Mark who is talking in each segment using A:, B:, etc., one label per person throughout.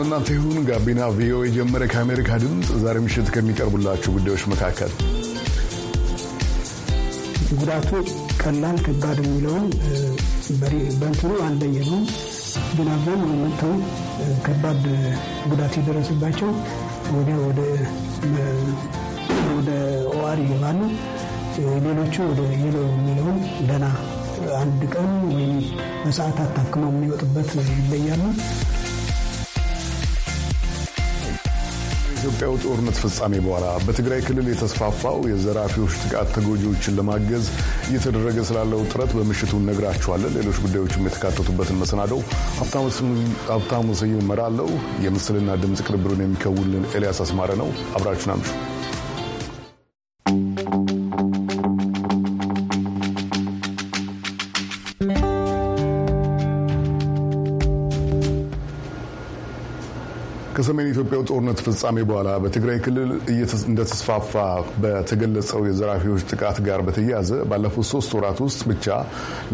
A: ለእናንተ ይሁን። ጋቢና ቪኦኤ ጀመረ ከአሜሪካ ድምፅ ዛሬ ምሽት ከሚቀርቡላችሁ ጉዳዮች መካከል
B: ጉዳቱ ቀላል ከባድ የሚለውን በእንትኑ ነው፣ ግን አብዛኛው መጥተው ከባድ ጉዳት የደረሰባቸው ወዲያ ወደ ኦዋር ይገባሉ። ሌሎቹ ወደ የሎ የሚለውን ደህና አንድ ቀን ወይም በሰዓታት ታክመው የሚወጡበት ይለያሉ።
A: ከኢትዮጵያው ጦርነት ፍጻሜ በኋላ በትግራይ ክልል የተስፋፋው የዘራፊዎች ጥቃት ተጎጂዎችን ለማገዝ እየተደረገ ስላለው ጥረት በምሽቱ እነግራችኋለን። ሌሎች ጉዳዮችም የተካተቱበትን መሰናደው ሀብታሙ ስዩም እመራለሁ። የምስልና ድምፅ ቅንብሩን የሚከውልን ኤልያስ አስማረ ነው። አብራችን አምሹ። ጦርነት ፍጻሜ በኋላ በትግራይ ክልል እንደተስፋፋ በተገለጸው የዘራፊዎች ጥቃት ጋር በተያያዘ ባለፉት ሶስት ወራት ውስጥ ብቻ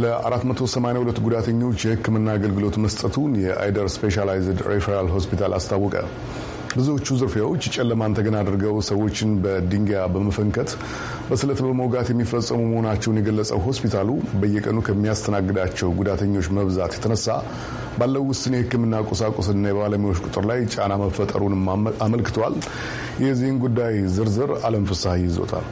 A: ለ482 ጉዳተኞች የሕክምና አገልግሎት መስጠቱን የአይደር ስፔሻላይዝድ ሬፈራል ሆስፒታል አስታወቀ። ብዙዎቹ ዝርፊያዎች ጨለማን ተገን አድርገው ሰዎችን በድንጋይ በመፈንከት በስለት በመውጋት የሚፈጸሙ መሆናቸውን የገለጸው ሆስፒታሉ በየቀኑ ከሚያስተናግዳቸው ጉዳተኞች መብዛት የተነሳ ባለው ውስን የሕክምና ቁሳቁስና የባለሙያዎች ቁጥር ላይ ጫና መፈጠሩንም አመልክተዋል። የዚህን ጉዳይ ዝርዝር አለም ፍሳሐ ይዞታል።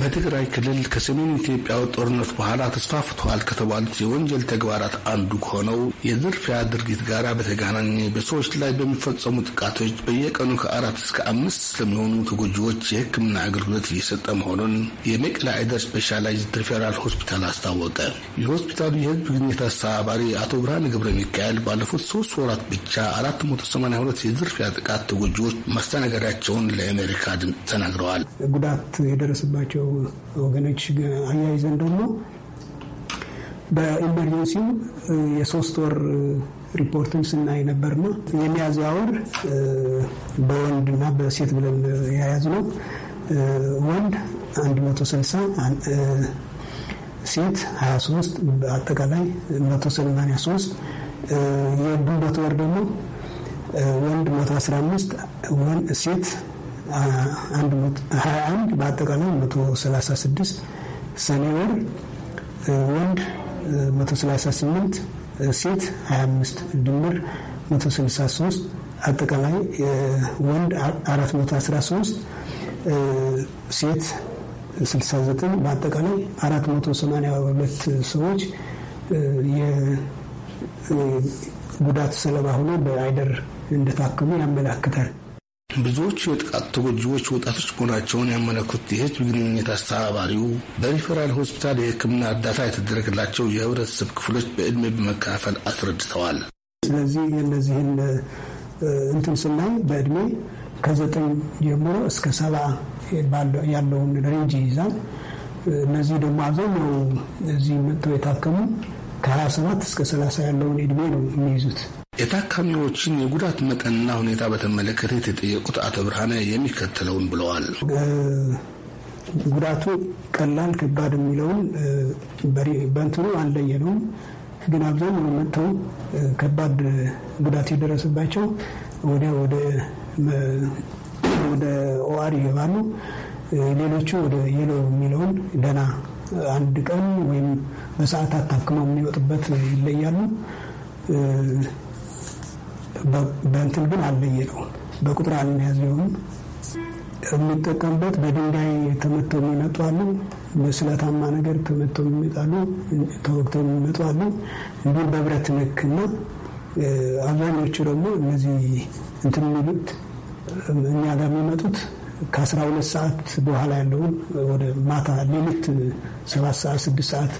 C: በትግራይ ክልል ከሰሜን ኢትዮጵያ ጦርነት በኋላ ተስፋፍተዋል ከተባሉት የወንጀል ተግባራት አንዱ ከሆነው የዝርፊያ ድርጊት ጋር በተጋናኘ በሰዎች ላይ በሚፈጸሙ ጥቃቶች በየቀኑ ከአራት እስከ አምስት ስለሚሆኑ ተጎጂዎች የሕክምና አገልግሎት እየሰጠ መሆኑን የመቀለ አይደር ስፔሻላይዝድ ሪፌራል ሆስፒታል አስታወቀ። የሆስፒታሉ የሕዝብ ግንኙነት አስተባባሪ አቶ ብርሃን ገብረ ሚካኤል ባለፉት ሶስት ወራት ብቻ አራት ሁለት የዝርፊያ ጥቃት ተጎጂዎች ማስተናገዳቸውን ለአሜሪካ ድምፅ ተናግረዋል።
B: ጉዳት የደረሰባቸው ካሏቸው ወገኖች አያይዘን ደግሞ በኢመርጀንሲው የሶስት ወር ሪፖርትን ስናይ ነበር ነው የሚያዝያ ወር በወንድ እና በሴት ብለን የያዝ ነው። ወንድ 160 ሴት 23 በአጠቃላይ 183 የጉልበት ወር ደግሞ ወንድ 115 ሴት 21 በአጠቃላይ 136 ሰኔ ወር ወንድ 138 ሴት 25 ድምር 163 አጠቃላይ ወንድ 413 ሴት 69 በአጠቃላይ 482 ሰዎች የጉዳት ሰለባ ሆነው በአይደር እንደታከሙ ያመላክታል።
C: ብዙዎቹ የጥቃት ተጎጂዎች ወጣቶች መሆናቸውን ያመለክቱት የህዝብ ግንኙነት አስተባባሪው በሪፈራል ሆስፒታል የህክምና እርዳታ የተደረገላቸው የህብረተሰብ ክፍሎች በእድሜ በመከፋፈል አስረድተዋል።
B: ስለዚህ የነዚህን እንትን ስናይ በእድሜ ከዘጠኝ ጀምሮ እስከ ሰባ ያለውን ሬንጅ ይይዛል። እነዚህ ደግሞ አብዛኛው እዚህ መጥተው የታከሙ ከ27 እስከ 30 ያለውን እድሜ ነው የሚይዙት። የታካሚዎችን
C: የጉዳት መጠንና ሁኔታ በተመለከተ የተጠየቁት አቶ ብርሃነ የሚከተለውን ብለዋል።
B: ጉዳቱ ቀላል ከባድ የሚለውን በእንትኑ አንለየነውም፣ ግን አብዛኛው መጥተው ከባድ ጉዳት የደረሰባቸው ወዲያ ወደ ኦዋር ይገባሉ። ሌሎቹ ወደ የሎ የሚለውን ደና አንድ ቀን ወይም በሰዓታት ታክመው የሚወጡበት ይለያሉ። በእንትን ግን አልለየነውም። በቁጥር አልያዝነውም። የሚጠቀምበት በድንጋይ ተመተው የሚመጡ አሉ፣ በስለታማ ነገር ተመተው የሚመጣሉ፣ ተወግተው የሚመጡ አሉ። እንዲሁም በብረት ነክ እና አብዛኞቹ ደግሞ እነዚህ እንትን የሚሉት እኛ ጋር የሚመጡት ከአስራ ሁለት ሰዓት በኋላ ያለውን ወደ ማታ ሌሊት ሰባት ሰዓት ስድስት ሰዓት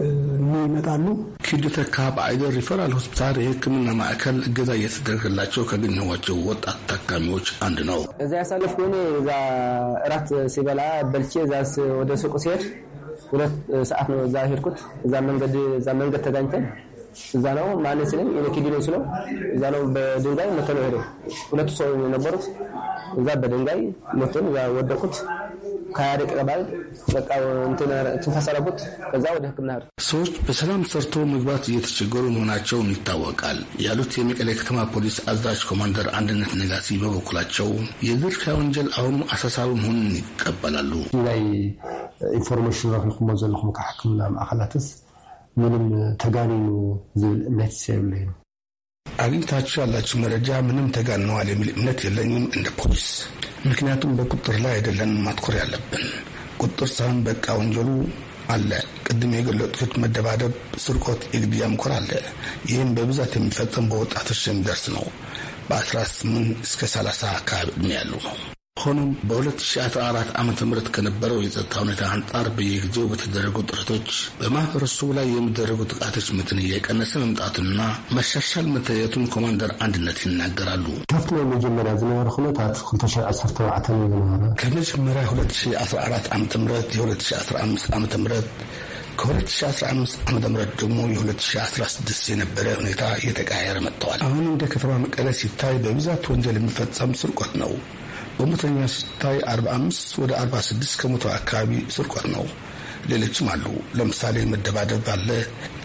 C: ይመጣሉ። ኪዱ ተካ በአይደር ሪፈራል ሆስፒታል የህክምና ማዕከል እገዛ እየተደረገላቸው ካገኘኋቸው ወጣት ታካሚዎች አንድ ነው። እዛ ያሳለፍኩ እኔ እዛ እራት ሲበላ በልቼ እዛ ወደ ሱቁ ሲሄድ ሁለት ሰዓት ነው እዛ ሄድኩት። እዛ መንገድ እዛ መንገድ ተጋኝተን እዛ ነው ማነስ ነኝ እኔ ነው ስለው እዛ ነው በድንጋይ መተነው ሄደው ሁለቱ ሰው የነበሩት እዛ በድንጋይ ሞትን እዛ ከሀያ ደቂቃ ባል በቃ ትንፈሰረቡት ከዛ ወደ ህክምና ሄዱ። ሰዎች በሰላም ሰርቶ መግባት እየተቸገሩ መሆናቸውን ይታወቃል ያሉት የመቀሌ ከተማ ፖሊስ አዛዥ ኮማንደር አንድነት ነጋሲ በበኩላቸው የዝርፊያ ወንጀል አሁኑ አሳሳቢ መሆኑን ይቀበላሉ። ናይ ኢንፎርሜሽን ረኪኩሞ ዘለኹም ካብ ሕክምና ማእኸላትስ ምንም ተጋኒኑ ዝብል እምነት ይሰብለ እዩ አግኝታችሁ ያላችሁ መረጃ ምንም ተጋንነዋል የሚል እምነት የለኝም እንደ ፖሊስ ምክንያቱም በቁጥር ላይ አይደለን ማትኮር ያለብን ቁጥር ሳይሆን በቃ ወንጀሉ አለ። ቅድም የገለጡት መደባደብ፣ ስርቆት፣ የግድያ ምኮር አለ። ይህም በብዛት የሚፈጸም በወጣቶች የሚደርስ ነው። በ18 እስከ 30 አካባቢ ዕድሜ ያሉ ነው። ሆኖም በ2014 ዓ ም ከነበረው የጸጥታ ሁኔታ አንጻር በየጊዜው በተደረጉ ጥረቶች በማህበረሰቡ ላይ የሚደረጉ ጥቃቶች መጠን እየቀነሰ መምጣቱንና መሻሻል መታየቱን ኮማንደር አንድነት ይናገራሉ። ካብቲ ናይ መጀመርያ ዝነበረ ኩነታት 2014 ዝነበረ ከመጀመሪያ 2014 ዓ ም የ2015 ዓ ም ከ2015 ዓ ም ደግሞ የ2016 የነበረ ሁኔታ እየተቃየረ መጥተዋል።
B: አሁን እንደ ከተማ
C: መቀለ ሲታይ በብዛት ወንጀል የሚፈጸም ስርቆት ነው። በሞተኛ ሲታይ 45 ወደ 46 ከመቶ አካባቢ ስርቆት ነው። ሌሎችም አሉ። ለምሳሌ መደባደብ አለ።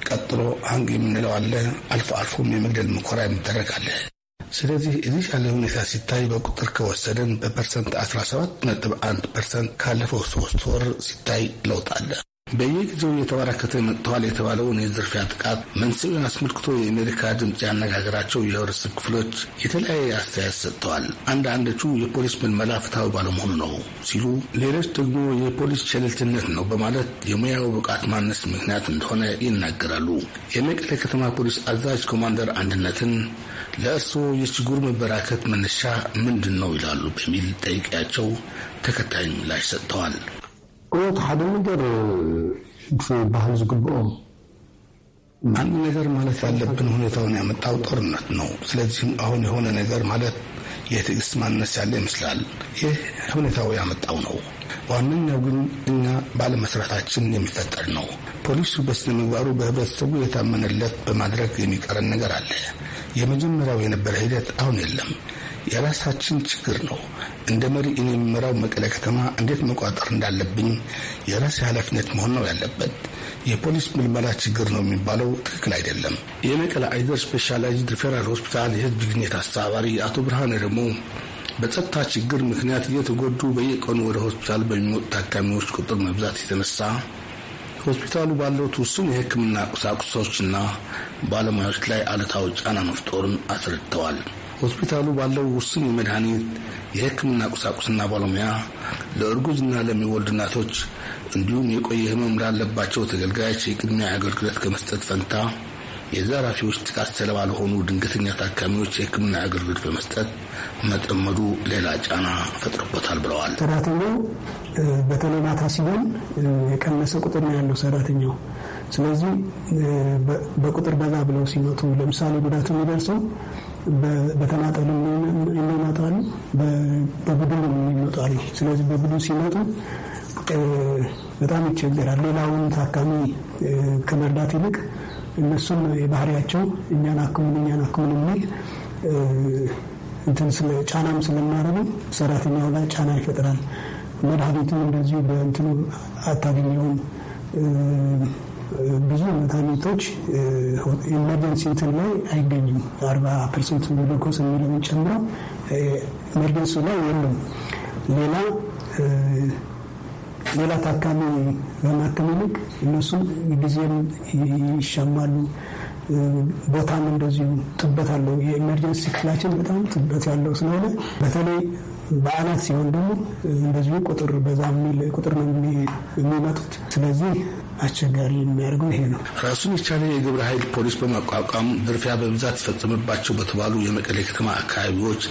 C: ቀጥሎ አንግ የምንለው አለ። አልፎ አልፎም የመግደል ምኮራ የሚደረግ አለ። ስለዚህ እዚህ ያለ ሁኔታ ሲታይ በቁጥር ከወሰደን በፐርሰንት 17 1 ፐርሰንት ካለፈው ሶስት ወር ሲታይ ለውጥ አለ። በየጊዜው እየተበራከተ መጥተዋል የተባለውን የዝርፊያ ጥቃት መንስኤውን አስመልክቶ የአሜሪካ ድምፅ ያነጋገራቸው የህብረተሰብ ክፍሎች የተለያየ አስተያየት ሰጥተዋል። አንዳንዶቹ የፖሊስ ምልመላ ፍትሐዊ ባለመሆኑ ነው ሲሉ፣ ሌሎች ደግሞ የፖሊስ ቸልተኝነት ነው በማለት የሙያው ብቃት ማነስ ምክንያት እንደሆነ ይናገራሉ። የመቀለ ከተማ ፖሊስ አዛዥ ኮማንደር አንድነትን ለእርስዎ የችግሩ መበራከት መነሻ ምንድን ነው ይላሉ በሚል ጠይቄያቸው ተከታዩን ምላሽ ሰጥተዋል። እውነት ሓደ ነገር ባህል ዝግብኦም አንድ ነገር ማለት ያለብን ሁኔታውን ያመጣው ጦርነት ነው። ስለዚህም አሁን የሆነ ነገር ማለት የትዕግስት ማነስ ያለ ይመስላል። ይህ ሁኔታው ያመጣው ነው። ዋነኛው ግን እኛ ባለመስራታችን የሚፈጠር ነው። ፖሊሱ በስነ ምግባሩ በህብረተሰቡ የታመነለት በማድረግ የሚቀረን ነገር አለ። የመጀመሪያው የነበረ ሂደት አሁን የለም። የራሳችን ችግር ነው። እንደ መሪ እኔ የምመራው መቀለ ከተማ እንዴት መቋጠር እንዳለብኝ የራሴ ኃላፊነት መሆን ነው ያለበት። የፖሊስ ምልመላ ችግር ነው የሚባለው ትክክል አይደለም። የመቀለ አይደር ስፔሻላይዝድ ሪፌራል ሆስፒታል የህዝብ ግንኙነት አስተባባሪ አቶ ብርሃነ ደግሞ በጸጥታ ችግር ምክንያት እየተጎዱ በየቀኑ ወደ ሆስፒታል በሚመጡ ታካሚዎች ቁጥር መብዛት የተነሳ ሆስፒታሉ ባለው ውስን የሕክምና ቁሳቁሶችና ባለሙያዎች ላይ አሉታዊ ጫና መፍጠሩን አስረድተዋል። ሆስፒታሉ ባለው ውስን የመድኃኒት የሕክምና ቁሳቁስና ባለሙያ ለእርጉዝና ለሚወልድ እናቶች እንዲሁም የቆየ ህመም ላለባቸው ተገልጋዮች የቅድሚያ አገልግሎት ከመስጠት ፈንታ የዘራፊዎች ጥቃት ሰለባ ለሆኑ ድንገተኛ ታካሚዎች የህክምና አገልግሎት በመስጠት መጠመዱ ሌላ ጫና ፈጥሮበታል ብለዋል።
B: ሰራተኛው በተለይ ማታ ሲሆን የቀነሰ ቁጥር ነው ያለው ሰራተኛው። ስለዚህ በቁጥር በዛ ብለው ሲመጡ ለምሳሌ ጉዳቱ የሚደርሰው በተናጠል ይመጣሉ፣ በቡድን ይመጣሉ። ስለዚህ በቡድን ሲመጡ በጣም ይቸገራል። ሌላውን ታካሚ ከመርዳት ይልቅ እነሱም የባህሪያቸው እኛን አክሙን እኛን አክሙን የሚል እንትን ጫናም ስለማረገው ሰራተኛው ላይ ጫና ይፈጥራል። መድኃኒቱም እንደዚሁ በእንትኑ አታገኘውም ብዙ መድኃኒቶች ኤመርጀንሲ እንትን ላይ አይገኙም። አርባ ፐርሰንት ግሉኮስ የሚለውን ጨምሮ ኤመርጀንሲ ላይ የለም። ሌላ ሌላ ታካሚ በማከመልቅ እነሱም ጊዜም ይሻማሉ። ቦታም እንደዚሁ ጥበት አለው። የኤመርጀንሲ ክፍላችን በጣም ጥበት ያለው ስለሆነ በተለይ በዓላት ሲሆን ደግሞ እንደዚሁ ቁጥር በዛ የሚል ቁጥር ነው የሚመጡት። ስለዚህ አስቸጋሪ የሚያደርገው ይሄ ነው።
C: ራሱን የቻለ የግብረ ኃይል ፖሊስ በማቋቋም እርፊያ በብዛት ተፈጸመባቸው በተባሉ የመቀሌ ከተማ አካባቢዎች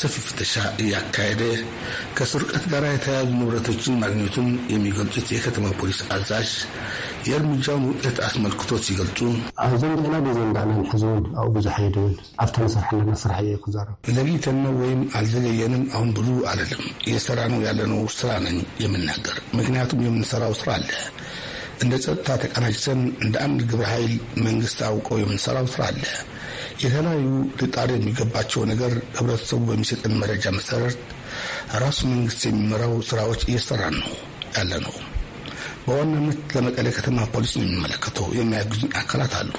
C: ሰፊ ፍተሻ እያካሄደ ከስርቀት ጋር የተያያዙ ንብረቶችን ማግኘቱን የሚገልጹት የከተማ ፖሊስ አዛዥ የእርምጃውን ውጤት አስመልክቶ ሲገልጹ ኣብዞም ገና ብዘንዳናን ሕዝውን ኣብኡ ብዙ ሓይድውን ኣብታ ንሰርሕ ኣለና ስራሕ እየ ክዛረብ ዘግይተን ወይም አልዘገየንም አሁን ብዙ አለለም የሰራ ነው ያለነው ስራ ነኝ የምናገር ምክንያቱም የምንሰራው ስራ አለ እንደ ጸጥታ ተቀናጅተን እንደ አንድ ግብረ ኃይል መንግስት አውቀው የምንሰራው ስራ አለ። የተለያዩ ልጣሪ የሚገባቸው ነገር ህብረተሰቡ በሚሰጥን መረጃ መሰረት ራሱ መንግስት የሚመራው ስራዎች እየሰራን ነው ያለ ነው። በዋናነት ለመቀሌ ከተማ ፖሊስ ነው የሚመለከተው። የሚያግዙን አካላት አሉ።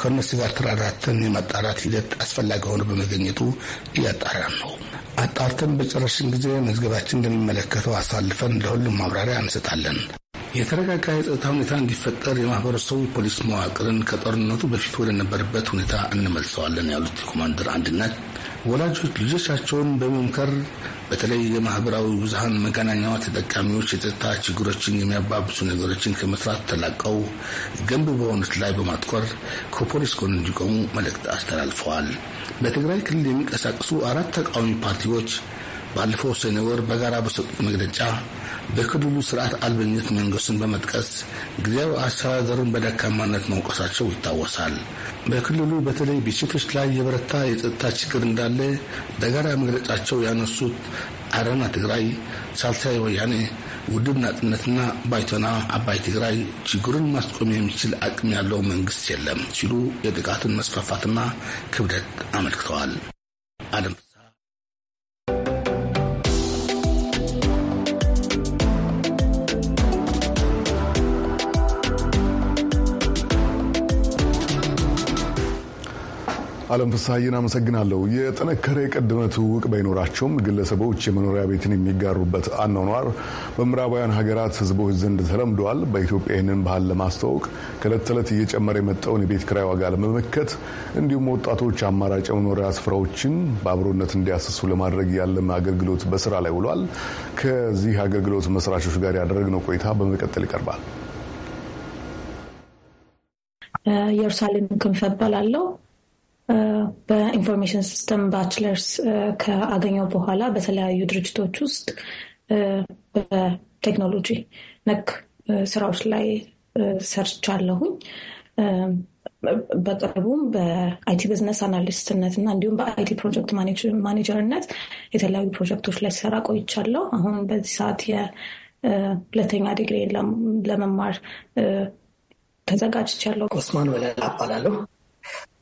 C: ከእነሱ ጋር ተራራተን የማጣራት ሂደት አስፈላጊ ሆነ በመገኘቱ እያጣራን ነው። አጣርተን በጨረሽን ጊዜ መዝገባችን እንደሚመለከተው አሳልፈን ለሁሉም ማብራሪያ እንሰጣለን። የተረጋጋ የጸጥታ ሁኔታ እንዲፈጠር የማህበረሰቡ ፖሊስ መዋቅርን ከጦርነቱ በፊት ወደነበረበት ሁኔታ እንመልሰዋለን ያሉት የኮማንደር አንድነት ወላጆች ልጆቻቸውን በመምከር በተለይ የማህበራዊ ብዙሀን መገናኛዋ ተጠቃሚዎች የጸጥታ ችግሮችን የሚያባብሱ ነገሮችን ከመስራት ተላቀው ገንቢ በሆኑት ላይ በማትኮር ከፖሊስ ጎን እንዲቆሙ መልእክት አስተላልፈዋል። በትግራይ ክልል የሚንቀሳቀሱ አራት ተቃዋሚ ፓርቲዎች ባለፈው ሰኔ ወር በጋራ በሰጡት መግለጫ በክልሉ ስርዓት አልበኝነት መንገስን በመጥቀስ ጊዜያዊ አስተዳደሩን በደካማነት መውቀሳቸው ይታወሳል። በክልሉ በተለይ በሴቶች ላይ የበረታ የጸጥታ ችግር እንዳለ በጋራ መግለጫቸው ያነሱት አረና ትግራይ፣ ሳልሳይ ወያኔ፣ ውድብ ናጽነትና ባይቶና አባይ ትግራይ ችግሩን ማስቆም የሚችል አቅም ያለው መንግስት የለም ሲሉ የጥቃትን መስፋፋትና ክብደት አመልክተዋል። አለም
A: አለም ፍስሐዬን አመሰግናለሁ። የጠነከረ የቀደመ ትውውቅ ባይኖራቸውም ግለሰቦች የመኖሪያ ቤትን የሚጋሩበት አኗኗር በምዕራባውያን ሀገራት ህዝቦች ዘንድ ተለምደዋል። በኢትዮጵያ ይህንን ባህል ለማስተዋወቅ ከእለት ተዕለት እየጨመረ የመጣውን የቤት ክራይ ዋጋ ለመመከት እንዲሁም ወጣቶች አማራጭ የመኖሪያ ስፍራዎችን በአብሮነት እንዲያስሱ ለማድረግ ያለም አገልግሎት በስራ ላይ ውሏል። ከዚህ አገልግሎት መስራቾች ጋር ያደረግነው ቆይታ በመቀጠል ይቀርባል።
D: ኢየሩሳሌም ክንፈ እባላለሁ። በኢንፎርሜሽን ሲስተም ባችለርስ ከአገኘው በኋላ በተለያዩ ድርጅቶች ውስጥ በቴክኖሎጂ ነክ ስራዎች ላይ ሰርቻለሁኝ። በቅርቡም በአይቲ ቢዝነስ አናሊስትነት እና እንዲሁም በአይቲ ፕሮጀክት ማኔጀርነት የተለያዩ ፕሮጀክቶች ላይ ሰራ ቆይቻለሁ። አሁን በዚህ ሰዓት የሁለተኛ ዲግሪ ለመማር ተዘጋጅቻለሁ።
E: ኦስማን ወለላ እባላለሁ።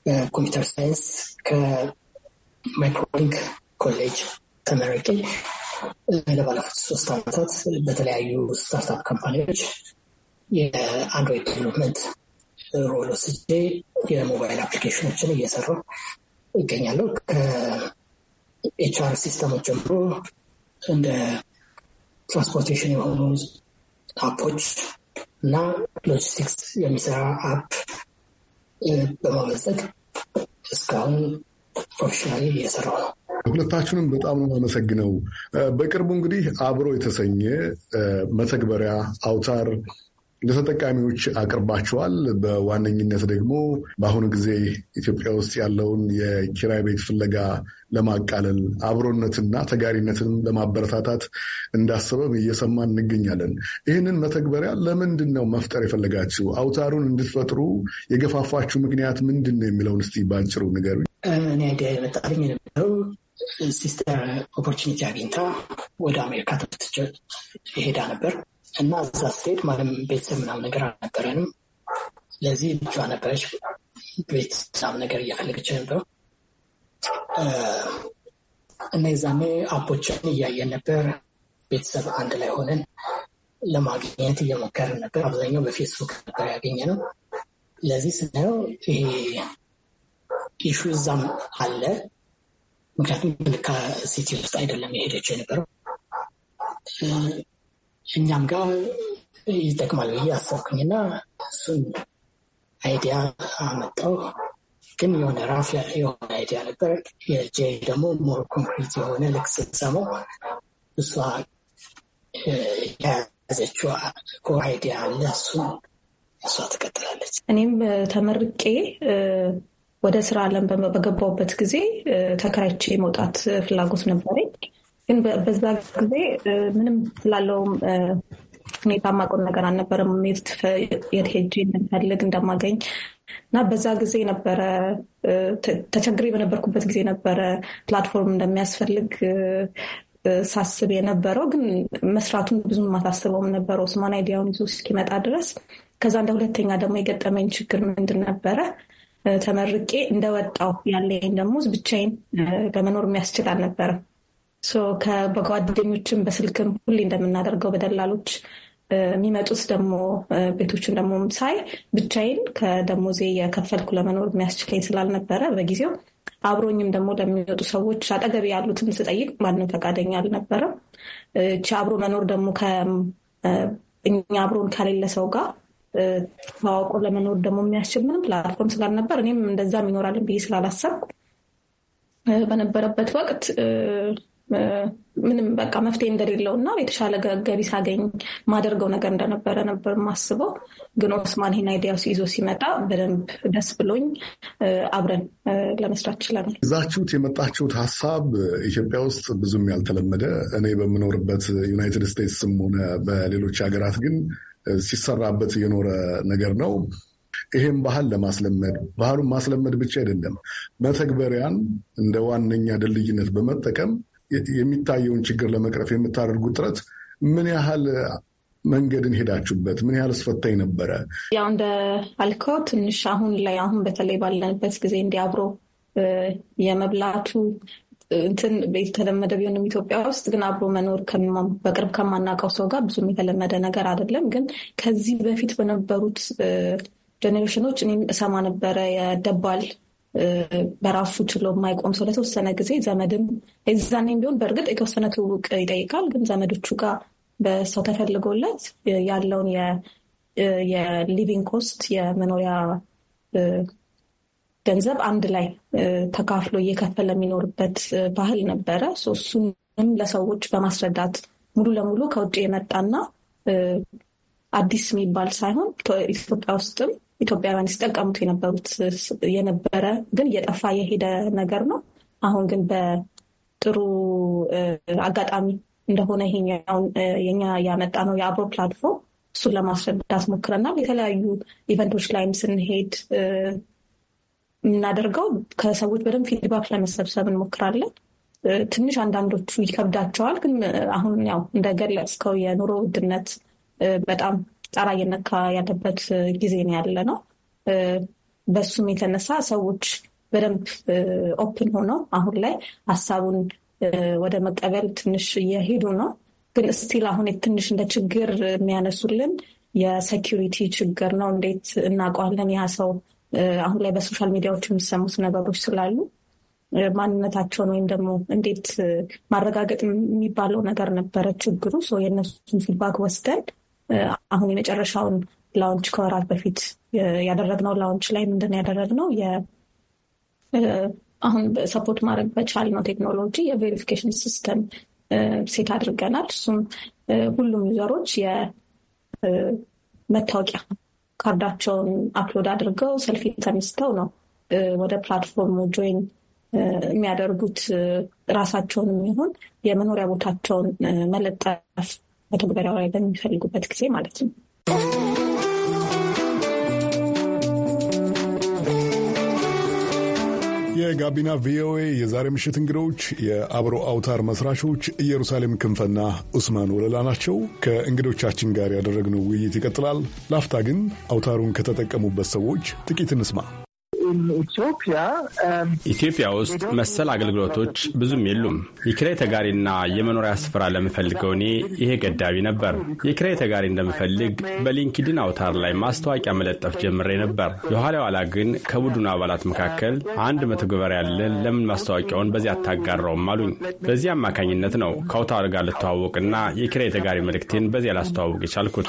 E: በኮምፒውተር ሳይንስ ከማይክሮሊንክ ኮሌጅ ተመረቄ ለባለፉት ሶስት ዓመታት በተለያዩ ስታርታፕ ካምፓኒዎች የአንድሮይድ ዴቨሎፕመንት ሮሎ ስጄ የሞባይል አፕሊኬሽኖችን እየሰራሁ ይገኛለሁ። ከኤችአር ሲስተሞች ጀምሮ እንደ ትራንስፖርቴሽን የሆኑ አፖች እና ሎጂስቲክስ የሚሰራ አፕ በማመሰግ እስካሁን ፕሮፌሽናሊ እየሰራው ነው።
A: ሁለታችሁንም በጣም ነው የማመሰግነው። በቅርቡ እንግዲህ አብሮ የተሰኘ መተግበሪያ አውታር ለተጠቃሚዎች አቅርባቸዋል በዋነኝነት ደግሞ በአሁኑ ጊዜ ኢትዮጵያ ውስጥ ያለውን የኪራይ ቤት ፍለጋ ለማቃለል አብሮነትና ተጋሪነትን ለማበረታታት እንዳሰበም እየሰማን እንገኛለን። ይህንን መተግበሪያ ለምንድን ነው መፍጠር የፈለጋችሁ? አውታሩን እንድትፈጥሩ የገፋፋችሁ ምክንያት ምንድን ነው የሚለውን እስቲ በአጭሩ ንገሩኝ።
E: እኔ አይዲያ የመጣልኝ የነበረው ሲስተር ኦፖርቹኒቲ አግኝታ ወደ አሜሪካ ትምህርት ይሄዳ ነበር እና እዛ ስትሄድ ማለም ቤተሰብ ምናምን ነገር አልነበረንም። ለዚህ ብቻ ነበረች ቤት ምናምን ነገር እየፈለገች ነበር እና የዛኔ አቦችን እያየን ነበር። ቤተሰብ አንድ ላይ ሆነን ለማግኘት እየሞከርን ነበር። አብዛኛው በፌስቡክ ነበር ያገኘ ነው። ለዚህ ስናየው ይሄ ኢሹ እዛም አለ። ምክንያቱም ልካ ሲቲ ውስጥ አይደለም የሄደችው የነበረው እኛም ጋር ይጠቅማል ብዬ አሰብኩኝና እሱን አይዲያ አመጣው። ግን የሆነ ራፍ የሆነ አይዲያ ነበር። የጄ ደግሞ ሞር ኮንክሪት የሆነ ልክ ስትሰማው እሷ የያዘችው ኮ አይዲያ አለ። እሱን እሷ ትቀጥላለች።
D: እኔም ተመርቄ ወደ ስራ አለም በገባሁበት ጊዜ ተከራይቼ መውጣት ፍላጎት ነበረኝ። ግን በዛ ጊዜ ምንም ስላለውም ሁኔታ ማቆን ነገር አልነበረም። ሜርት የት ሄጄ እንደምፈልግ እንደማገኝ እና በዛ ጊዜ ነበረ ተቸግሬ በነበርኩበት ጊዜ ነበረ ፕላትፎርም እንደሚያስፈልግ ሳስብ የነበረው ግን መስራቱን ብዙም አሳስበውም ነበረ ስማን አይዲያውን ይዞ እስኪመጣ ድረስ። ከዛ እንደ ሁለተኛ ደግሞ የገጠመኝ ችግር ምንድን ነበረ? ተመርቄ እንደወጣው ያለኝ ደግሞ ብቻዬን ለመኖር የሚያስችል አልነበረም። በጓደኞችም በስልክም ሁሌ እንደምናደርገው በደላሎች የሚመጡት ደግሞ ቤቶችን ደግሞ ሳይ ብቻዬን ከደሞዜ የከፈልኩ ለመኖር የሚያስችለኝ ስላልነበረ በጊዜው አብሮኝም ደግሞ ለሚወጡ ሰዎች አጠገብ ያሉትን ስጠይቅ ማንም ፈቃደኛ አልነበረም። እቺ አብሮ መኖር ደግሞ እኛ አብሮን ከሌለ ሰው ጋር ተዋውቆ ለመኖር ደግሞ የሚያስችል ምንም ፕላትፎርም ስላልነበር እኔም እንደዛም ይኖራልን ብዬ ስላላሰብኩ በነበረበት ወቅት ምንም በቃ መፍትሄ እንደሌለው እና የተሻለ ገቢ ሳገኝ ማደርገው ነገር እንደነበረ ነበር ማስበው። ግን ኦስማን ይሄን አይዲያ ይዞ ሲመጣ በደንብ ደስ ብሎኝ አብረን ለመስራት ችለናል።
A: ይዛችሁት የመጣችሁት ሀሳብ ኢትዮጵያ ውስጥ ብዙም ያልተለመደ እኔ በምኖርበት ዩናይትድ ስቴትስም ሆነ በሌሎች ሀገራት ግን ሲሰራበት የኖረ ነገር ነው። ይሄም ባህል ለማስለመድ ባህሉን ማስለመድ ብቻ አይደለም፣ መተግበሪያን እንደ ዋነኛ ድልድይነት በመጠቀም የሚታየውን ችግር ለመቅረፍ የምታደርጉ ጥረት ምን ያህል መንገድን ሄዳችሁበት? ምን ያህል አስፈታኝ ነበረ?
D: ያው እንደ አልከው ትንሽ አሁን ላይ አሁን በተለይ ባለንበት ጊዜ እንዲያብሮ አብሮ የመብላቱ እንትን የተለመደ ቢሆንም ኢትዮጵያ ውስጥ ግን አብሮ መኖር በቅርብ ከማናውቀው ሰው ጋር ብዙም የተለመደ ነገር አይደለም። ግን ከዚህ በፊት በነበሩት ጀኔሬሽኖች እኔም እሰማ ነበረ የደባል በራሱ ችሎ የማይቆም ሰው ለተወሰነ ጊዜ ዘመድም የዛኔም ቢሆን በእርግጥ የተወሰነ ትውውቅ ይጠይቃል። ግን ዘመዶቹ ጋር በሰው ተፈልጎለት ያለውን የሊቪንግ ኮስት የመኖሪያ ገንዘብ አንድ ላይ ተካፍሎ እየከፈለ የሚኖርበት ባህል ነበረ። እሱንም ለሰዎች በማስረዳት ሙሉ ለሙሉ ከውጭ የመጣና አዲስ የሚባል ሳይሆን ኢትዮጵያ ውስጥም ኢትዮጵያውያን ሲጠቀሙት የነበሩት የነበረ ግን እየጠፋ የሄደ ነገር ነው። አሁን ግን በጥሩ አጋጣሚ እንደሆነ ይሄኛውን የኛ ያመጣ ነው የአብሮ ፕላትፎርም እሱን ለማስረዳት ሞክረናል። የተለያዩ ኢቨንቶች ላይም ስንሄድ የምናደርገው ከሰዎች በደንብ ፊድባክ ለመሰብሰብ እንሞክራለን። ትንሽ አንዳንዶቹ ይከብዳቸዋል። ግን አሁን ያው እንደገለጽከው የኑሮ ውድነት በጣም ጣራ እየነካ ያለበት ጊዜ ነው ያለ ነው። በሱም የተነሳ ሰዎች በደንብ ኦፕን ሆነው አሁን ላይ ሀሳቡን ወደ መቀበል ትንሽ እየሄዱ ነው። ግን እስቲል አሁን ትንሽ እንደ ችግር የሚያነሱልን የሴኪሪቲ ችግር ነው። እንዴት እናውቀዋለን ያ ሰው አሁን ላይ በሶሻል ሚዲያዎች የሚሰሙት ነገሮች ስላሉ ማንነታቸውን ወይም ደግሞ እንዴት ማረጋገጥ የሚባለው ነገር ነበረ ችግሩ። የእነሱን ፊድባክ ወስደን አሁን የመጨረሻውን ላውንች ከወራት በፊት ያደረግነው ላውንች ላይ ምንድን ያደረግነው አሁን ሰፖርት ማድረግ በቻል ነው ቴክኖሎጂ የቬሪፊኬሽን ሲስተም ሴት አድርገናል። እሱም ሁሉም ዩዘሮች የመታወቂያ ካርዳቸውን አፕሎድ አድርገው ሰልፊ ተነስተው ነው ወደ ፕላትፎርሙ ጆይን የሚያደርጉት። ራሳቸውን ይሁን የመኖሪያ ቦታቸውን መለጠፍ መተግበሪያው ላይ በሚፈልጉበት ጊዜ ማለት ነው።
A: የጋቢና ቪኦኤ የዛሬ ምሽት እንግዶች የአብሮ አውታር መስራቾች ኢየሩሳሌም ክንፈና ኡስማን ወለላ ናቸው። ከእንግዶቻችን ጋር ያደረግነው ውይይት ይቀጥላል። ላፍታ ግን አውታሩን ከተጠቀሙበት ሰዎች ጥቂት እንስማ።
E: Um,
F: ኢትዮጵያ ውስጥ መሰል አገልግሎቶች ብዙም የሉም። የኪራይ ተጋሪና የመኖሪያ ስፍራ ለምፈልገው እኔ ይሄ ገዳቢ ነበር። የኪራይ ተጋሪ እንደምፈልግ በሊንክድን አውታር ላይ ማስታወቂያ መለጠፍ ጀምሬ ነበር። የኋላ ኋላ ግን ከቡድኑ አባላት መካከል አንድ መተግበሪያ ያለ ለምን ማስታወቂያውን በዚህ አታጋራውም አሉኝ። በዚህ አማካኝነት ነው ከአውታር ጋር ልተዋወቅና የኪራይ ተጋሪ መልእክቴን በዚያ ላስተዋውቅ የቻልኩት።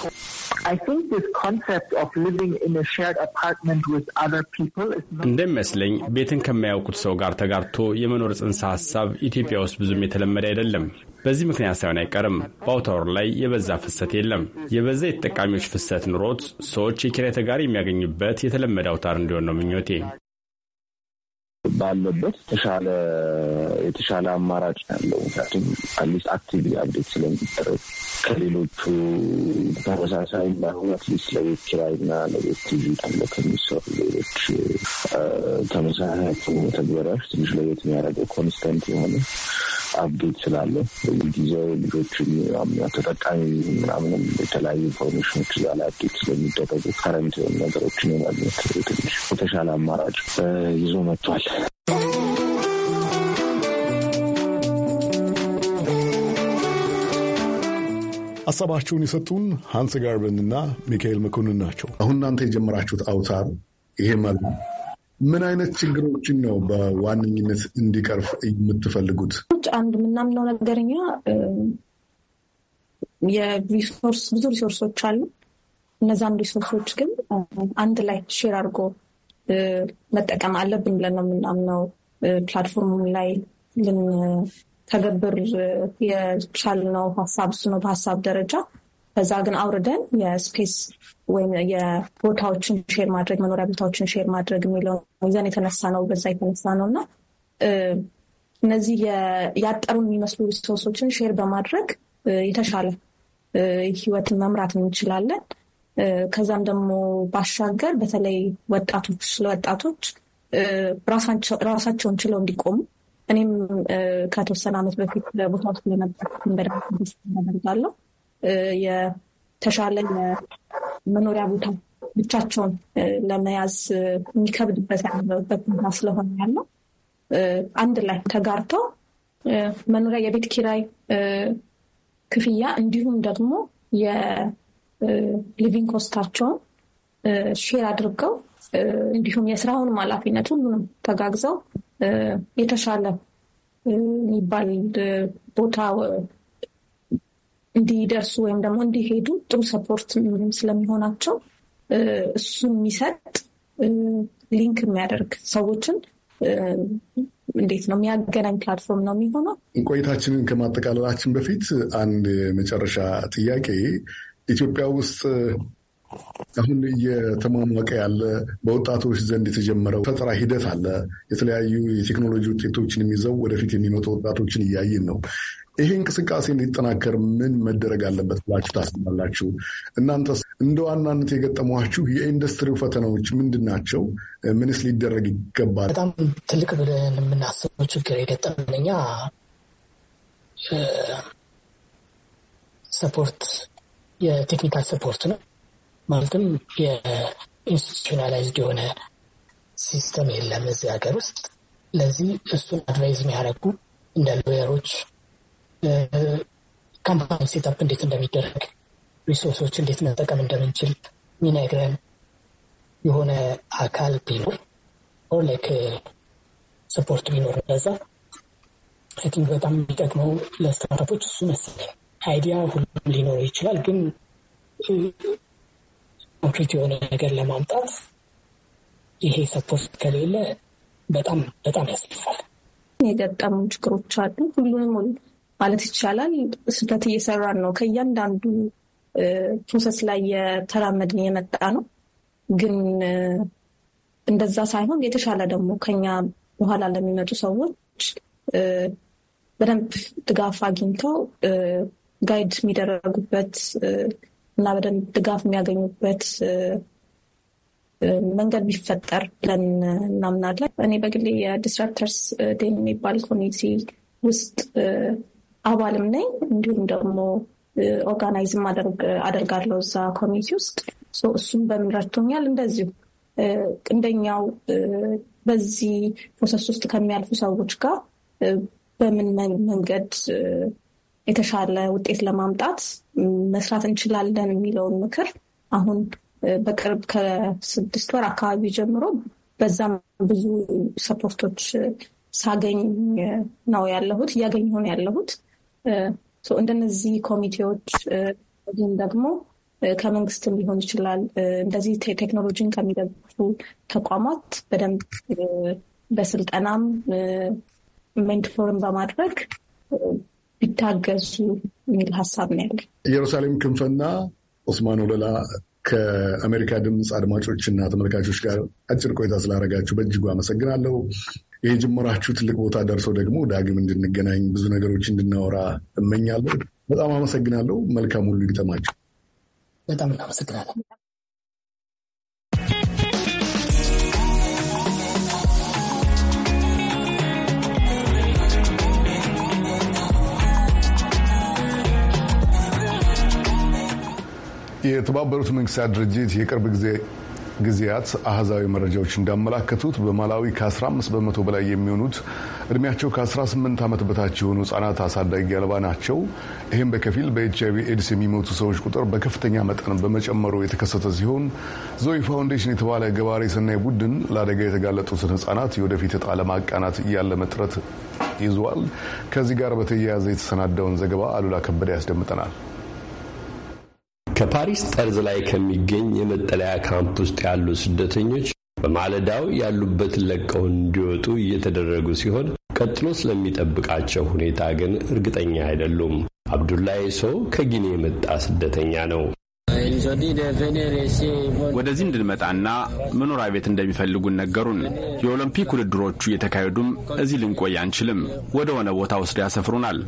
F: እንደሚመስለኝ ቤትን ከማያውቁት ሰው ጋር ተጋርቶ የመኖር ጽንሰ ሀሳብ ኢትዮጵያ ውስጥ ብዙም የተለመደ አይደለም። በዚህ ምክንያት ሳይሆን አይቀርም በአውታወር ላይ የበዛ ፍሰት የለም። የበዛ የተጠቃሚዎች ፍሰት ኑሮት ሰዎች የኪራይ ተጋሪ የሚያገኙበት የተለመደ አውታር እንዲሆን ነው ምኞቴ።
C: ባለበት ተሻለ የተሻለ አማራጭ ያለው ምክንያቱም አትሊስት አክቲቭ አብዴት ስለሚደረግ ከሌሎቹ ተመሳሳይ ባይሆኑ አትሊስት ለቤት ኪራይና ለቤት ቲቪ ተብለው ከሚሰሩ ሌሎች ተመሳሳይ መተግበሪያዎች ትንሽ ለቤት የሚያደርገው ኮንስተንት የሆነ አብዴት ስላለ በየጊዜው ልጆች ተጠቃሚ ምናምንም የተለያዩ ኢንፎርሜሽኖች እዛ ላይ አብዴት ስለሚደረጉ ከረንት ነገሮችን የማግኘት ትንሽ
D: የተሻለ አማራጭ ይዞ መጥቷል።
A: ሀሳባቸውን የሰጡን ሀንስ ጋርበን ና ሚካኤል መኮንን ናቸው። አሁን እናንተ የጀመራችሁት አውታር ይሄ መላ ምን አይነት ችግሮችን ነው በዋነኝነት እንዲቀርፍ የምትፈልጉት?
D: አንድ የምናምነው ነገርኛ የሪሶርስ ብዙ ሪሶርሶች አሉ። እነዛን ሪሶርሶች ግን አንድ ላይ ሼር አድርጎ መጠቀም አለብን ብለን ነው የምናምነው። ፕላትፎርሙ ላይ ልንተገብር የቻልነው ሀሳብ እሱ ነው በሀሳብ ደረጃ። ከዛ ግን አውርደን የስፔስ ወይም የቦታዎችን ሼር ማድረግ መኖሪያ ቦታዎችን ሼር ማድረግ የሚለው ይዘን የተነሳ ነው በዛ የተነሳ ነው እና እነዚህ ያጠሩ የሚመስሉ ሪሶርሶችን ሼር በማድረግ የተሻለ ህይወትን መምራት እንችላለን። ከዛም ደግሞ ባሻገር በተለይ ወጣቶች ለወጣቶች ራሳቸውን ችለው እንዲቆሙ እኔም ከተወሰነ ዓመት በፊት በቦታ ውስጥ ለነበርኩትን በደንብ የተሻለ የመኖሪያ ቦታ ብቻቸውን ለመያዝ የሚከብድበት ያለበት ቦታ ስለሆነ ያለው አንድ ላይ ተጋርተው መኖሪያ የቤት ኪራይ ክፍያ እንዲሁም ደግሞ ሊቪንግ ኮስታቸውን ሼር አድርገው እንዲሁም የስራውንም ኃላፊነት ሁሉንም ተጋግዘው የተሻለ የሚባል ቦታ እንዲደርሱ ወይም ደግሞ እንዲሄዱ ጥሩ ሰፖርት ስለሚሆናቸው እሱን የሚሰጥ ሊንክ የሚያደርግ ሰዎችን እንዴት ነው የሚያገናኝ ፕላትፎርም ነው የሚሆነው።
A: ቆይታችንን ከማጠቃለላችን በፊት አንድ የመጨረሻ ጥያቄ ኢትዮጵያ ውስጥ አሁን እየተሟሟቀ ያለ በወጣቶች ዘንድ የተጀመረው ፈጠራ ሂደት አለ። የተለያዩ የቴክኖሎጂ ውጤቶችን ይዘው ወደፊት የሚመጡ ወጣቶችን እያየን ነው። ይሄ እንቅስቃሴ እንዲጠናከር ምን መደረግ አለበት ብላችሁ ታስባላችሁ? እናንተ እንደ ዋናነት የገጠሟችሁ የኢንዱስትሪው ፈተናዎች ምንድን ናቸው? ምንስ ሊደረግ ይገባል? በጣም
E: ትልቅ ብለን የምናስበው ችግር የገጠመን እኛ ሰፖርት የቴክኒካል ሰፖርት ነው። ማለትም የኢንስቲቱሽናላይዝድ የሆነ ሲስተም የለም እዚህ ሀገር ውስጥ። ለዚህ እሱን አድቫይዝ የሚያደርጉ እንደ ሎየሮች ካምፓኒ ሴታፕ እንዴት እንደሚደረግ፣ ሪሶርሶች እንዴት መጠቀም እንደምንችል ሚነግረን የሆነ አካል ቢኖር ኦር ላይክ ሰፖርት ቢኖር እንደዛ አይ ቲንክ በጣም የሚጠቅመው ለስታርታፖች እሱ መሰለኝ። አይዲያ ሁሉም ሊኖር ይችላል፣ ግን ኮንክሪት የሆነ ነገር ለማምጣት ይሄ ሰፖርት ከሌለ በጣም በጣም ያስፋል።
D: የገጠሙ ችግሮች አሉ። ሁሉንም ማለት ይቻላል ስህተት እየሰራን ነው። ከእያንዳንዱ ፕሮሰስ ላይ የተራመድን የመጣ ነው። ግን እንደዛ ሳይሆን የተሻለ ደግሞ ከኛ በኋላ ለሚመጡ ሰዎች በደንብ ድጋፍ አግኝተው ጋይድ የሚደረጉበት እና በደንብ ድጋፍ የሚያገኙበት መንገድ ቢፈጠር ብለን እናምናለን። እኔ በግሌ የዲስራፕተርስ ዴን የሚባል ኮሚኒቲ ውስጥ አባልም ነኝ። እንዲሁም ደግሞ ኦርጋናይዝም አደርጋለሁ እዛ ኮሚኒቲ ውስጥ። እሱም በምን ረድቶኛል? እንደዚሁ እንደኛው በዚህ ፕሮሰስ ውስጥ ከሚያልፉ ሰዎች ጋር በምን መንገድ የተሻለ ውጤት ለማምጣት መስራት እንችላለን የሚለውን ምክር አሁን በቅርብ ከስድስት ወር አካባቢ ጀምሮ በዛም ብዙ ሰፖርቶች ሳገኝ ነው ያለሁት እያገኝ ሆን ያለሁት። እንደነዚህ ኮሚቴዎች እንዲሁም ደግሞ ከመንግስትም ሊሆን ይችላል እንደዚህ ቴክኖሎጂን ከሚደግፉ ተቋማት በደንብ በስልጠናም ሜንቶርን በማድረግ ቢታገዙ የሚል ሀሳብ ነው ያለ።
A: ኢየሩሳሌም ክንፈና ኦስማን ወለላ ከአሜሪካ ድምፅ አድማጮችና ተመልካቾች ጋር አጭር ቆይታ ስላደረጋችሁ በእጅጉ አመሰግናለሁ። የጀመራችሁ ትልቅ ቦታ ደርሶ ደግሞ ዳግም እንድንገናኝ ብዙ ነገሮች እንድናወራ እመኛለሁ። በጣም አመሰግናለሁ። መልካም ሁሉ ይግጠማችሁ።
E: በጣም እናመሰግናለን።
A: የተባበሩት መንግስታት ድርጅት የቅርብ ጊዜ ጊዜያት አህዛዊ መረጃዎች እንዳመላከቱት በማላዊ ከ15 በመቶ በላይ የሚሆኑት እድሜያቸው ከ18 ዓመት በታች የሆኑ ህጻናት አሳዳጊ አልባ ናቸው። ይህም በከፊል በኤች አይቪ ኤድስ የሚሞቱ ሰዎች ቁጥር በከፍተኛ መጠን በመጨመሩ የተከሰተ ሲሆን ዞይ ፋውንዴሽን የተባለ ገባሬ ሰናይ ቡድን ለአደጋ የተጋለጡትን ህጻናት የወደፊት እጣ ለማቃናት እያለ ጥረት ይዟል። ከዚህ ጋር በተያያዘ የተሰናዳውን ዘገባ አሉላ ከበደ ያስደምጠናል። ከፓሪስ ጠርዝ ላይ ከሚገኝ የመጠለያ ካምፕ ውስጥ ያሉ ስደተኞች
G: በማለዳው ያሉበትን ለቀው እንዲወጡ እየተደረጉ ሲሆን ቀጥሎ ስለሚጠብቃቸው ሁኔታ ግን እርግጠኛ አይደሉም። አብዱላይ ሰው ከጊኒ የመጣ ስደተኛ
F: ነው። ወደዚህ እንድንመጣና መኖሪያ ቤት እንደሚፈልጉን ነገሩን። የኦሎምፒክ ውድድሮቹ እየተካሄዱም እዚህ ልንቆይ አንችልም፣ ወደ ሆነ ቦታ ወስደው ያሰፍሩናል።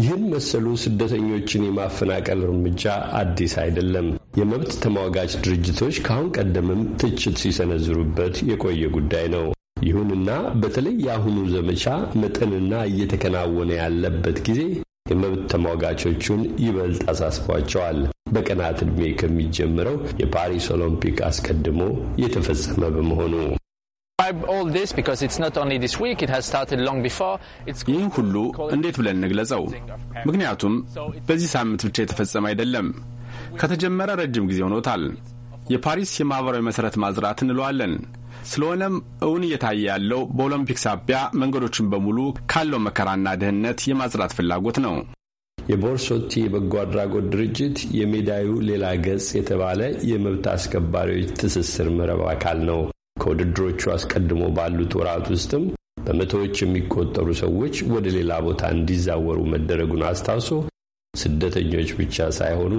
G: ይህን መሰሉ ስደተኞችን የማፈናቀል እርምጃ አዲስ አይደለም። የመብት ተሟጋች ድርጅቶች ከአሁን ቀደምም ትችት ሲሰነዝሩበት የቆየ ጉዳይ ነው። ይሁንና በተለይ የአሁኑ ዘመቻ መጠንና እየተከናወነ ያለበት ጊዜ የመብት ተሟጋቾቹን ይበልጥ አሳስቧቸዋል። በቀናት ዕድሜ ከሚጀምረው የፓሪስ ኦሎምፒክ አስቀድሞ የተፈጸመ በመሆኑ
F: ይህን ሁሉ እንዴት ብለን እንግለጸው? ምክንያቱም በዚህ ሳምንት ብቻ የተፈጸመ አይደለም። ከተጀመረ ረጅም ጊዜ ሆኖታል። የፓሪስ የማኅበራዊ መሠረት ማዝራት እንለዋለን። ስለሆነም እውን እየታየ ያለው በኦሎምፒክ ሳቢያ መንገዶችን በሙሉ ካለው መከራና ድህነት የማጽዳት ፍላጎት ነው።
G: የቦርሶቲ የበጎ አድራጎት ድርጅት የሜዳዩ ሌላ ገጽ የተባለ የመብት አስከባሪዎች ትስስር መረብ አካል ነው። ከውድድሮቹ አስቀድሞ ባሉት ወራት ውስጥም በመቶዎች የሚቆጠሩ ሰዎች ወደ ሌላ ቦታ እንዲዛወሩ መደረጉን አስታውሶ ስደተኞች ብቻ ሳይሆኑ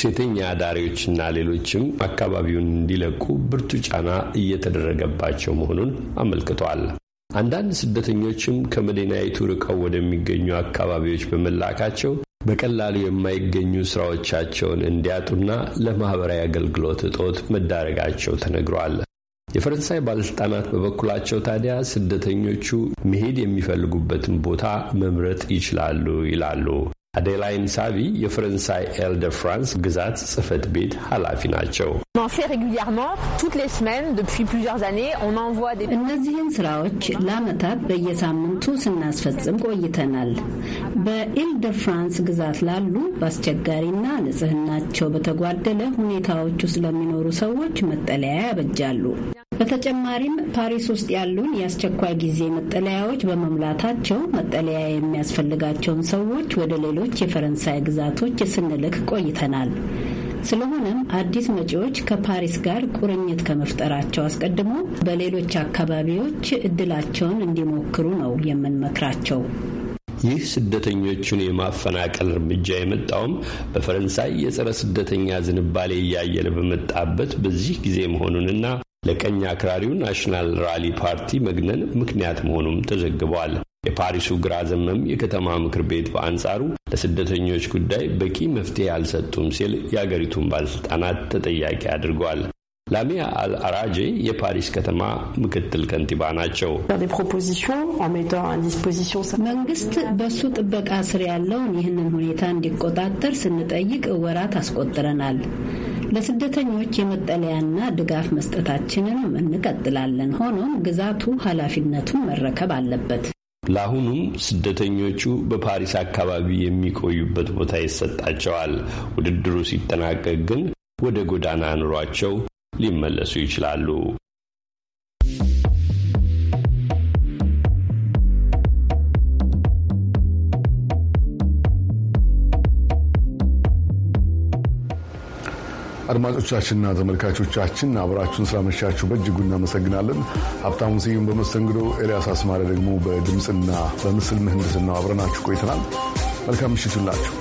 G: ሴተኛ አዳሪዎችና ሌሎችም አካባቢውን እንዲለቁ ብርቱ ጫና እየተደረገባቸው መሆኑን አመልክቷል። አንዳንድ ስደተኞችም ከመዲናይቱ ርቀው ወደሚገኙ አካባቢዎች በመላካቸው በቀላሉ የማይገኙ ስራዎቻቸውን እንዲያጡና ለማኅበራዊ አገልግሎት እጦት መዳረጋቸው ተነግሯል። የፈረንሳይ ባለስልጣናት በበኩላቸው ታዲያ ስደተኞቹ መሄድ የሚፈልጉበትን ቦታ መምረጥ ይችላሉ ይላሉ። አዴላይን ሳቪ የፈረንሳይ ኤል ደ ፍራንስ ግዛት ጽህፈት ቤት ኃላፊ ናቸው።
D: እነዚህን ስራዎች ለአመታት በየሳምንቱ ስናስፈጽም ቆይተናል። በኤል ደ ፍራንስ ግዛት ላሉ በአስቸጋሪና ንጽህናቸው በተጓደለ ሁኔታዎች ውስጥ ለሚኖሩ ሰዎች መጠለያ ያበጃሉ። በተጨማሪም ፓሪስ ውስጥ ያሉን የአስቸኳይ ጊዜ መጠለያዎች በመሙላታቸው መጠለያ የሚያስፈልጋቸውን ሰዎች ወደ ሌሎች ሌሎች የፈረንሳይ ግዛቶች ስንልክ ቆይተናል። ስለሆነም አዲስ መጪዎች ከፓሪስ ጋር ቁርኝት ከመፍጠራቸው አስቀድሞ በሌሎች አካባቢዎች እድላቸውን እንዲሞክሩ ነው የምንመክራቸው።
G: ይህ ስደተኞቹን የማፈናቀል እርምጃ የመጣውም በፈረንሳይ የጸረ ስደተኛ ዝንባሌ እያየለ በመጣበት በዚህ ጊዜ መሆኑንና ለቀኝ አክራሪው ናሽናል ራሊ ፓርቲ መግነን ምክንያት መሆኑም ተዘግቧል። የፓሪሱ ግራ ዘመም የከተማ ምክር ቤት በአንጻሩ ለስደተኞች ጉዳይ በቂ መፍትሄ አልሰጡም ሲል የአገሪቱን ባለሥልጣናት ተጠያቂ አድርጓል። ላሚያ አልአራጄ የፓሪስ ከተማ ምክትል ከንቲባ ናቸው።
D: መንግስት በሱ ጥበቃ ስር ያለውን ይህንን ሁኔታ እንዲቆጣጠር ስንጠይቅ ወራት አስቆጥረናል። ለስደተኞች የመጠለያና ድጋፍ መስጠታችንንም እንቀጥላለን። ሆኖም ግዛቱ ኃላፊነቱን መረከብ አለበት።
G: ለአሁኑም ስደተኞቹ በፓሪስ አካባቢ የሚቆዩበት ቦታ ይሰጣቸዋል። ውድድሩ ሲጠናቀቅ ግን ወደ ጎዳና ኑሯቸው ሊመለሱ ይችላሉ።
A: አድማጮቻችንና ተመልካቾቻችን አብራችሁን ስላመሻችሁ በእጅጉ እናመሰግናለን። ሀብታሙ ስዩም በመስተንግዶ፣ ኤልያስ አስማሪ ደግሞ በድምፅና በምስል ምህንድስናው አብረናችሁ ቆይተናል። መልካም ምሽቱላችሁ።